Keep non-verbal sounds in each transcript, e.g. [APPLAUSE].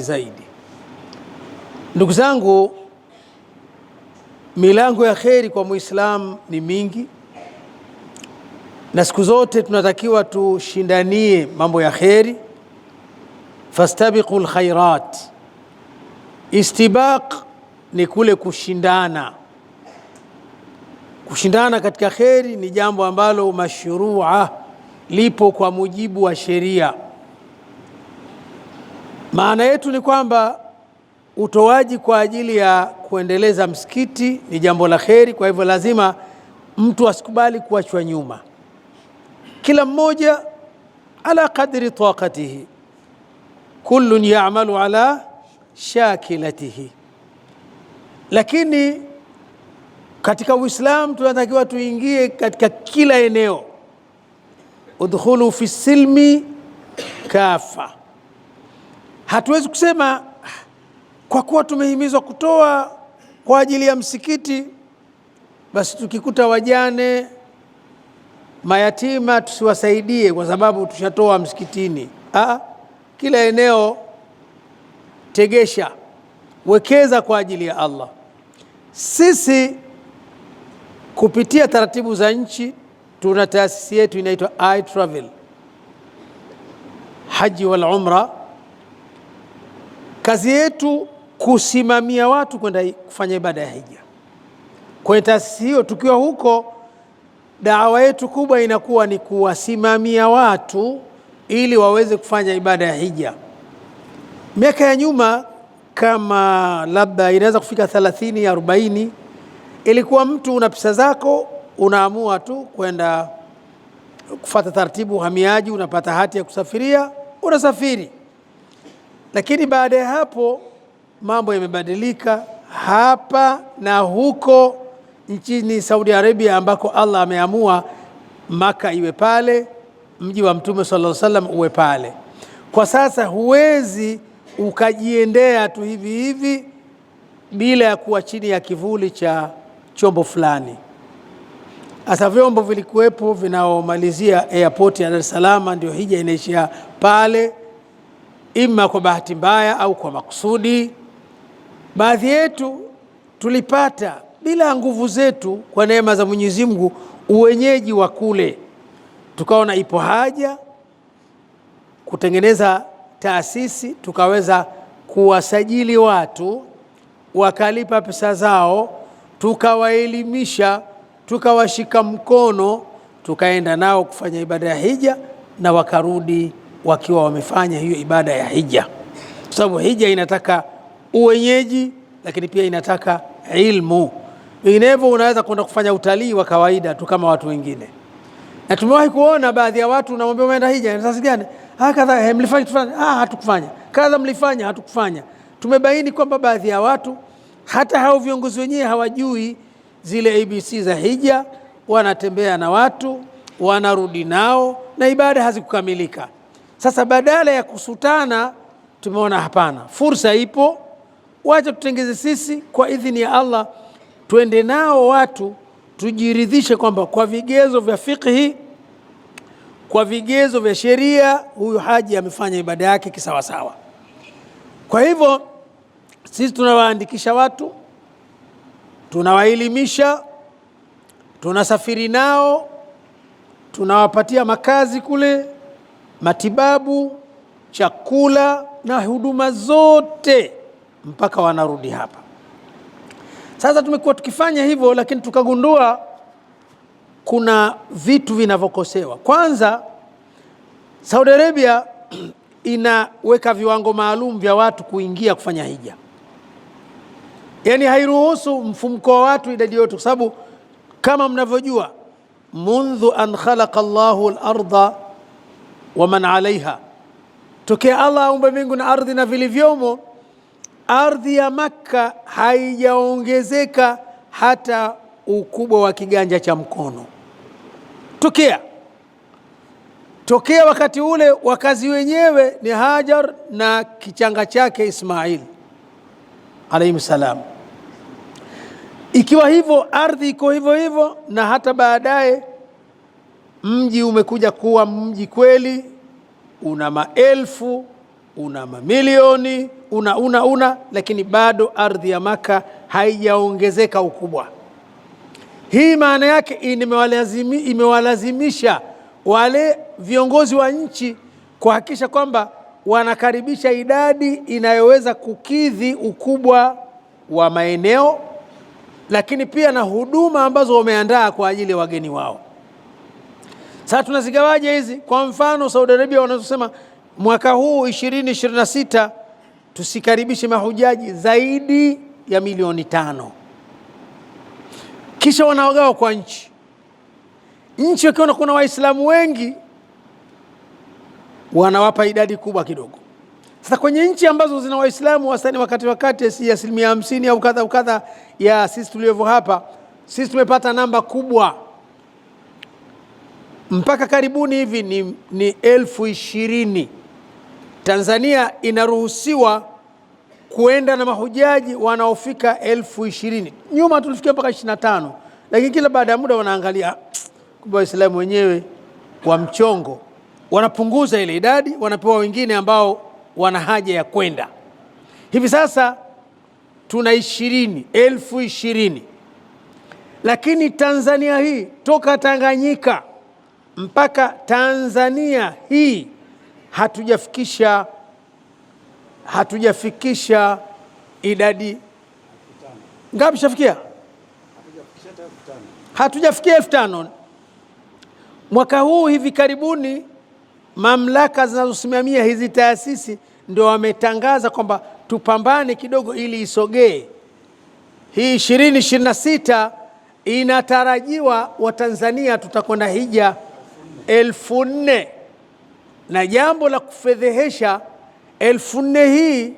Zaidi ndugu zangu, milango ya kheri kwa muislamu ni mingi, na siku zote tunatakiwa tushindanie mambo ya kheri. Fastabiqu lkhairat, istibaq ni kule kushindana. Kushindana katika kheri ni jambo ambalo mashrua lipo kwa mujibu wa sheria maana yetu ni kwamba utoaji kwa ajili ya kuendeleza msikiti ni jambo la kheri. Kwa hivyo lazima mtu asikubali kuachwa nyuma, kila mmoja ala kadri taqatihi, kullun yaamalu ala shakilatihi. Lakini katika Uislamu tunatakiwa tuingie katika kila eneo, udkhulu fi silmi kafa Hatuwezi kusema kwa kuwa tumehimizwa kutoa kwa ajili ya msikiti, basi tukikuta wajane, mayatima tusiwasaidie kwa sababu tushatoa msikitini. Aa, kila eneo tegesha, wekeza kwa ajili ya Allah. Sisi kupitia taratibu za nchi tuna taasisi yetu inaitwa iTravel Haji wal Umra Kazi yetu kusimamia watu kwenda kufanya ibada ya hija kwenye taasisi hiyo. Tukiwa huko, dawa yetu kubwa inakuwa ni kuwasimamia watu ili waweze kufanya ibada ya hija. Miaka ya nyuma kama labda inaweza kufika thelathini arobaini, ilikuwa mtu una pesa zako unaamua tu kwenda kufata taratibu uhamiaji, unapata hati ya kusafiria, unasafiri lakini baada ya hapo mambo yamebadilika hapa na huko nchini Saudi Arabia, ambako Allah ameamua Maka iwe pale, mji wa Mtume sallallahu alaihi wasallam uwe pale. Kwa sasa huwezi ukajiendea tu hivi hivi bila ya kuwa chini ya kivuli cha chombo fulani. Hasa vyombo vilikuwepo vinaomalizia airport ya Dar es Salaam, ndio hija inaishia pale ima kwa bahati mbaya au kwa makusudi. Baadhi yetu tulipata bila nguvu zetu, kwa neema za Mwenyezi Mungu, uwenyeji wa kule, tukaona ipo haja kutengeneza taasisi, tukaweza kuwasajili watu wakalipa pesa zao, tukawaelimisha, tukawashika mkono, tukaenda nao kufanya ibada ya hija na wakarudi wakiwa wamefanya hiyo ibada ya hija, kwa sababu hija inataka uwenyeji, lakini pia inataka ilmu. Vinginevyo unaweza kwenda kufanya utalii wa kawaida tu kama watu wengine, na tumewahi kuona baadhi ya watu, namwambia umeenda hija sasa gani? Ah, kadha eh, mlifanya, ah, hatukufanya kadha, mlifanya hatukufanya. Tumebaini kwamba baadhi ya watu hata hao viongozi wenyewe hawajui zile ABC za hija, wanatembea na watu wanarudi nao na ibada hazikukamilika. Sasa badala ya kusutana, tumeona hapana, fursa ipo, wacha tutengeze sisi kwa idhini ya Allah, twende nao watu tujiridhishe kwamba kwa vigezo vya fikhi kwa vigezo vya sheria, huyu haji amefanya ibada yake kisawasawa. Kwa hivyo sisi tunawaandikisha watu, tunawaelimisha, tunasafiri nao, tunawapatia makazi kule matibabu, chakula na huduma zote mpaka wanarudi hapa. Sasa tumekuwa tukifanya hivyo, lakini tukagundua kuna vitu vinavyokosewa. Kwanza, Saudi Arabia [CLEARS THROAT] inaweka viwango maalum vya watu kuingia kufanya hija, yaani hairuhusu mfumko wa watu, idadi yote, kwa sababu kama mnavyojua, mundhu an khalaqa llahu larda waman alaiha, tokea Allah aumbe mbingu na ardhi na vilivyomo, ardhi ya Makka haijaongezeka hata ukubwa wa kiganja cha mkono. Tokea tokea wakati ule wakazi wenyewe ni Hajar na kichanga chake Ismail alayhi salam. Ikiwa hivyo ardhi iko hivyo hivyo, na hata baadaye Mji umekuja kuwa mji kweli, una maelfu, una mamilioni, una una una, lakini bado ardhi ya Maka haijaongezeka ukubwa. Hii maana yake imewalazimi, imewalazimisha wale viongozi wa nchi kuhakikisha kwamba wanakaribisha idadi inayoweza kukidhi ukubwa wa maeneo, lakini pia na huduma ambazo wameandaa kwa ajili ya wageni wao. Sasa tunazigawaje hizi? Kwa mfano Saudi Arabia wanazosema mwaka huu 2026 tusikaribishe mahujaji zaidi ya milioni tano, kisha wanaogawa kwa nchi. Nchi wakiona kuna Waislamu wengi wanawapa idadi kubwa kidogo. Sasa kwenye nchi ambazo zina Waislamu wastani wakati wakati si asilimia hamsini au kadha kadha ya sisi tulivyo hapa, sisi tumepata namba kubwa mpaka karibuni hivi ni, ni elfu ishirini. Tanzania inaruhusiwa kuenda na mahujaji wanaofika elfu ishirini. Nyuma tulifikia mpaka tano lakini kila baada ya muda wanaangalia, [TSK] kumbe Waislamu wenyewe wa mchongo wanapunguza ile idadi, wanapewa wengine ambao wana haja ya kwenda. Hivi sasa tuna ishirini, elfu ishirini, lakini Tanzania hii toka Tanganyika mpaka Tanzania hii hatujafikisha hatujafikisha idadi ngapi? Shafikia hatujafikia elfu tano. Mwaka huu hivi karibuni, mamlaka zinazosimamia hizi taasisi ndio wametangaza kwamba tupambane kidogo ili isogee. Hii ishirini ishirini inatarajiwa Watanzania tutakwenda hija elfu nne na jambo la kufedhehesha, elfu nne hii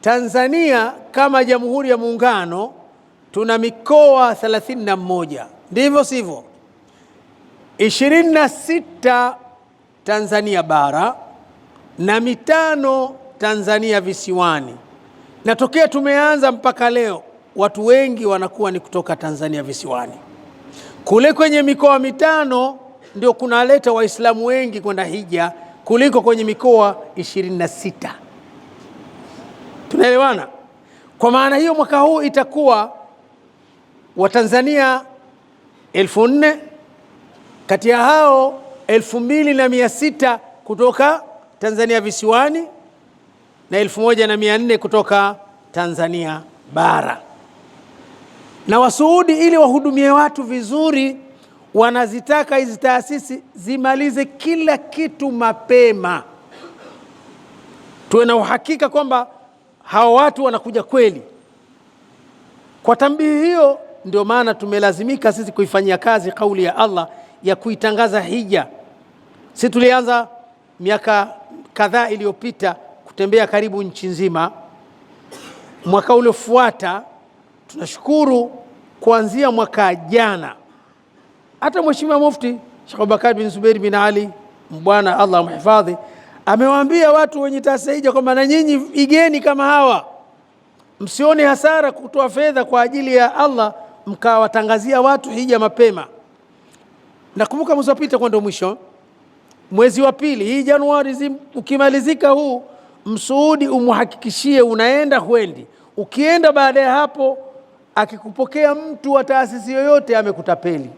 Tanzania kama Jamhuri ya Muungano tuna mikoa 31, ndivyo sivyo? 26 Tanzania bara na mitano Tanzania visiwani. Na tokea tumeanza mpaka leo watu wengi wanakuwa ni kutoka Tanzania visiwani, kule kwenye mikoa mitano ndio kunaleta Waislamu wengi kwenda hija kuliko kwenye mikoa 26. Tunaelewana? Kwa maana hiyo mwaka huu itakuwa Watanzania elfu nne kati ya hao elfu mbili na mia sita kutoka Tanzania visiwani na elfu moja na mia nne kutoka Tanzania bara. Na Wasuudi ili wahudumie watu vizuri wanazitaka hizi taasisi zimalize kila kitu mapema, tuwe na uhakika kwamba hawa watu wanakuja kweli. Kwa tambihi hiyo, ndio maana tumelazimika sisi kuifanyia kazi kauli ya Allah ya kuitangaza hija. Sisi tulianza miaka kadhaa iliyopita kutembea karibu nchi nzima. Mwaka uliofuata tunashukuru, kuanzia mwaka jana hata Mheshimiwa Mufti Sheikh Abubakar bin Zubeir bin Ali Mbwana, Allah amhifadhi, amewaambia watu wenye tasaija kwamba na nyinyi igeni kama hawa, msione hasara kutoa fedha kwa ajili ya Allah mkawatangazia watu hija mapema. Nakumbuka mwezi wapita kwa ndo mwisho mwezi wa pili hii Januari ukimalizika huu, msuudi umuhakikishie unaenda huendi. Ukienda baada ya hapo, akikupokea mtu wa taasisi yoyote amekutapeli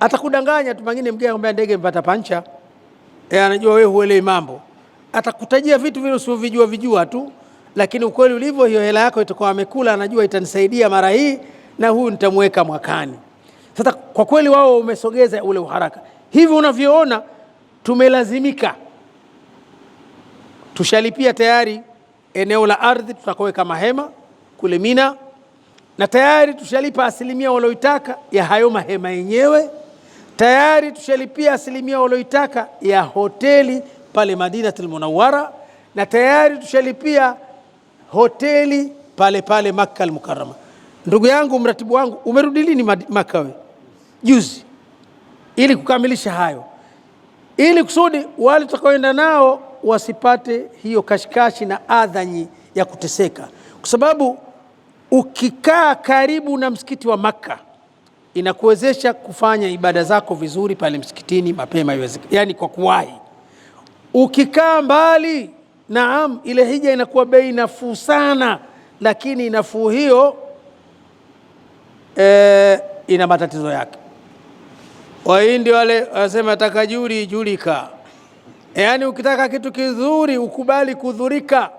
atakudanganya tu, pengine mgeni akwambia ndege mpata pancha, e, eh, anajua wewe huelewi mambo, atakutajia vitu vile usivyovijua vijua tu, lakini ukweli ulivyo, hiyo hela yako itakuwa amekula, anajua itanisaidia mara hii na huyu nitamweka mwakani. Sasa kwa kweli wao umesogeza ule uharaka. Hivi unavyoona tumelazimika, tushalipia tayari eneo la ardhi tutakoweka mahema kule Mina na tayari tushalipa asilimia walioitaka ya hayo mahema yenyewe tayari tushalipia asilimia walioitaka ya hoteli pale Madinatul Munawwara, na tayari tushalipia hoteli pale pale Makka al Ndugu yangu, mratibu wangu, umerudi lini Makka we? Juzi, ili kukamilisha hayo, ili kusudi wale tutakaoenda nao wasipate hiyo kashikashi na adhanyi ya kuteseka, kwa sababu ukikaa karibu na msikiti wa Makka inakuwezesha kufanya ibada zako vizuri pale msikitini mapema iwezekana, yani kwa kuwahi. Ukikaa mbali, naam, ile hija inakuwa bei nafuu sana, lakini nafuu hiyo e, ina matatizo yake. Wahindi wale wanasema juli julika, yani ukitaka kitu kizuri ukubali kudhurika.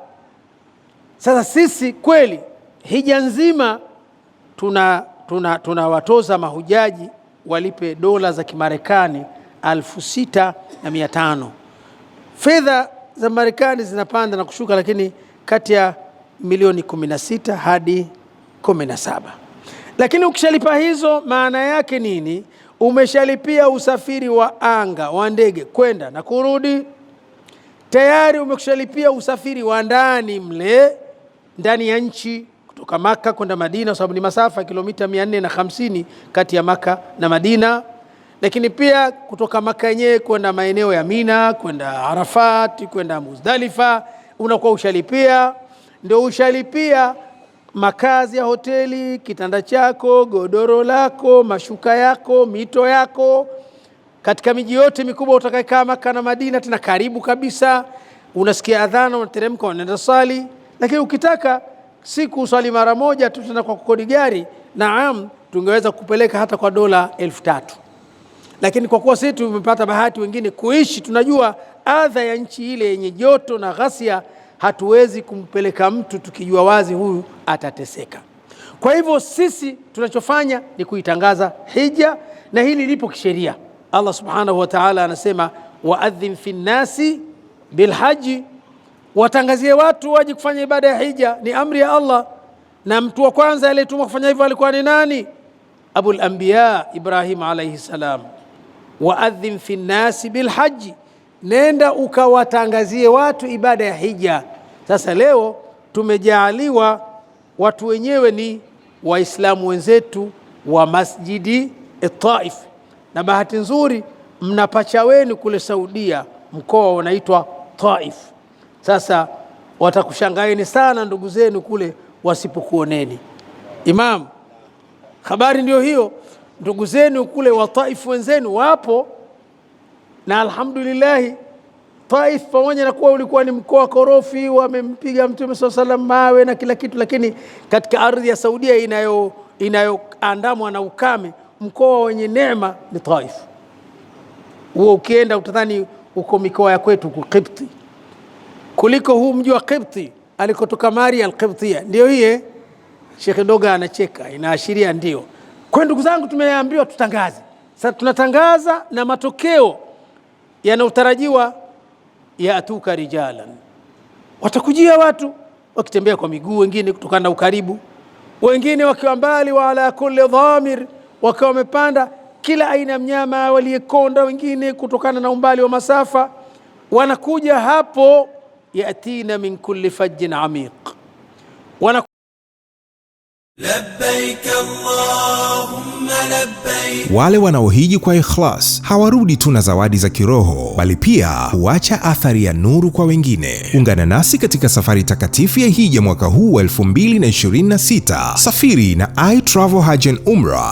Sasa sisi kweli hija nzima tuna tunawatoza tuna mahujaji walipe dola za Kimarekani elfu sita na mia tano. Fedha za Marekani zinapanda na kushuka, lakini kati ya milioni 16 hadi 17. Lakini ukishalipa hizo, maana yake nini? Umeshalipia usafiri wa anga wa ndege kwenda na kurudi, tayari umekushalipia usafiri wa ndani mle ndani ya nchi kutoka Maka kwenda Madina, sababu ni masafa kilomita 450 kati ya Maka na Madina, lakini pia kutoka Maka yenyewe kwenda maeneo ya Mina, kwenda Arafat, kwenda Muzdalifa unakuwa ushalipia, ndio ushalipia makazi ya hoteli, kitanda chako, godoro lako, mashuka yako, mito yako, katika miji yote mikubwa utakayekaa Maka na Madina, tena karibu kabisa. Unasikia adhana, unateremka, unaenda sali, lakini ukitaka si kuswali mara moja tu tena kwa kukodi gari. Naam, tungeweza kupeleka hata kwa dola elfu tatu lakini kwa kuwa sisi tumepata bahati wengine kuishi, tunajua adha ya nchi ile yenye joto na ghasia, hatuwezi kumpeleka mtu tukijua wazi huyu atateseka. Kwa hivyo sisi tunachofanya ni kuitangaza hija, na hili lipo kisheria. Allah subhanahu wa ta'ala anasema, waadhin fi nnasi bilhaji watangazie watu waje kufanya ibada ya hija, ni amri ya Allah. Na mtu wa kwanza aliyetumwa kufanya hivyo alikuwa ni nani? Abul Anbiya Ibrahim alayhi salam. Waadhin fi nnasi bilhaji, nenda ukawatangazie watu ibada ya hija. Sasa leo tumejaaliwa watu wenyewe ni Waislamu wenzetu wa Masjidi Taif, na bahati nzuri mna pacha wenu kule Saudia, mkoa unaitwa Taif. Sasa watakushangaeni sana ndugu zenu kule wasipokuoneni. Imam, habari ndiyo hiyo. Ndugu zenu kule wa Taif wenzenu wapo, na alhamdulillahi Taif pamoja na kuwa ulikuwa ni mkoa korofi, wamempiga Mtume saa salam mawe na kila kitu, lakini katika ardhi ya Saudia inayoandamwa na ukame, mkoa wenye neema ni Taif. Huo ukienda utadhani uko mikoa ya kwetu Kipti kuliko huu mji wa kibti alikotoka Maria al Ndio hiye Sheikh Doga anacheka, inaashiria ndio. Kwa ndugu zangu, tumeambiwa tutangaze. Sasa tunatangaza na matokeo yanayotarajiwa ya atuka rijalan, watakujia watu wakitembea kwa miguu, wengine kutokana na ukaribu, wengine wakiwa mbali, wa ala kulli dhamir, wakiwa wamepanda kila aina ya mnyama waliyekonda, wengine kutokana na umbali wa masafa, wanakuja hapo ياتين من كل فج عميق وانا Wale wanaohiji kwa ikhlas hawarudi tu na zawadi za kiroho bali pia huacha athari ya nuru kwa wengine. Ungana nasi katika safari takatifu ya hija mwaka huu wa 2026. Safiri na I Travel Hajj and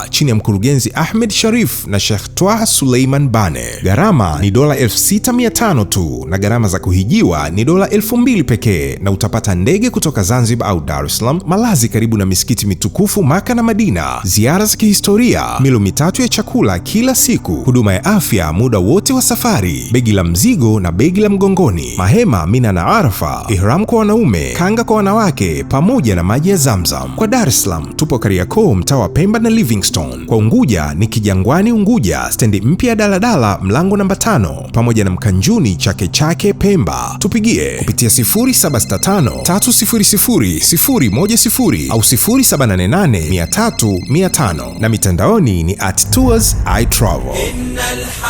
chini ya mkurugenzi Ahmed Sharif na Sheikh Twa Suleiman Bane. Gharama ni dola 6500 tu na gharama za kuhijiwa ni dola 2000 pekee, na utapata ndege kutoka Zanzibar au Dar es Salaam, malazi karibu na misikiti tukufu Maka na Madina, ziara za kihistoria, milo mitatu ya chakula kila siku, huduma ya afya muda wote wa safari, begi la mzigo na begi la mgongoni, mahema Mina na Arafa, ihram kwa wanaume, kanga kwa wanawake, pamoja na maji ya Zamzam. Kwa Dar es Salaam tupo Kariakoo, mtaa wa Pemba na Livingstone. Kwa Unguja ni Kijangwani Unguja, stendi mpya ya daladala, mlango namba tano, pamoja na Mkanjuni Chake Chake Pemba. Tupigie kupitia 0765 au 0 na mitandaoni ni at tours i travel.